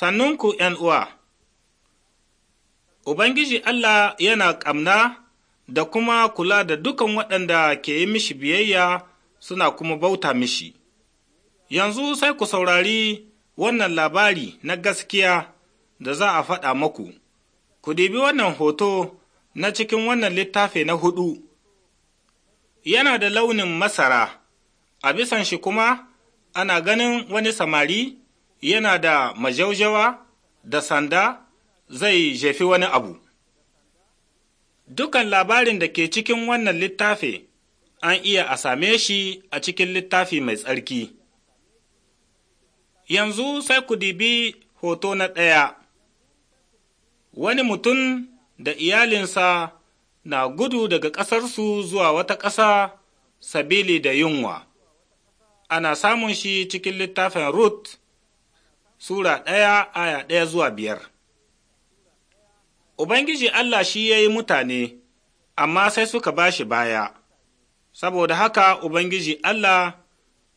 Sannunku uwa, Ubangiji Allah yana ƙamna da kuma kula da dukan waɗanda ke yi mishi biyayya suna kuma bauta mishi. Yanzu sai ku saurari wannan labari na gaskiya da za a faɗa maku. Ku dibi wannan hoto na cikin wannan littafi na hudu. Yana da launin masara, a bisan shi kuma ana ganin wani samari yana da majaujawa da sanda zai jefi wani abu. Dukan labarin da ke cikin wannan littafi an iya a same shi a cikin littafi mai tsarki. Yanzu sai ku dibi hoto na ɗaya, wani mutum da iyalinsa na gudu daga ƙasarsu zuwa wata ƙasa sabili da yunwa. Ana samun shi cikin littafin Ruth Sura ɗaya aya ɗaya zuwa biyar Ubangiji Allah shi ya yi mutane, amma sai suka ba shi baya, saboda haka Ubangiji Allah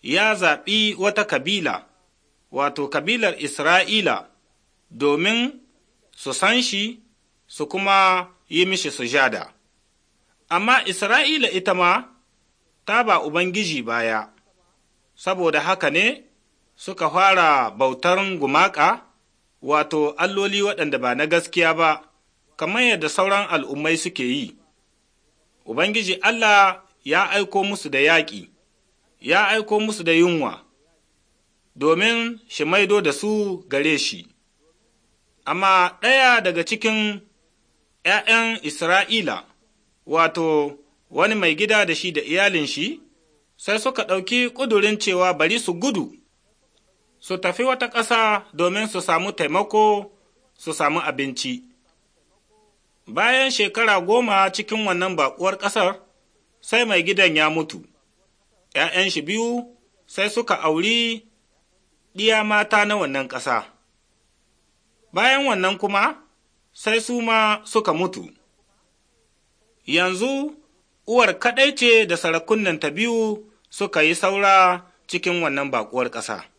ya zaɓi wata kabila, wato kabilar Isra'ila, domin su san shi su kuma yi mishi sujada. Amma Isra'ila ita ma ta ba Ubangiji baya, saboda haka ne suka fara bautar gumaka, wato alloli waɗanda ba na gaskiya ba, kamar yadda sauran al'ummai suke yi. Ubangiji Allah ya aiko musu da yaƙi, ya aiko musu da yunwa, domin shi maido da su gare shi. Amma ɗaya daga cikin ’ya'yan Isra'ila, wato, wani mai gida da shi da iyalin shi, sai suka ɗauki ƙudurin cewa bari su gudu su tafi wata ƙasa domin su samu taimako su samu abinci. Bayan shekara goma cikin wannan baƙuwar ƙasar, sai mai gidan ya mutu, ’ya'yan shi biyu sai suka auri ɗiya mata na wannan ƙasa. Bayan wannan kuma, sai su ma suka mutu. Yanzu, uwar kaɗai ce da sarakunnanta biyu suka yi saura cikin wannan baƙuwar ƙasa.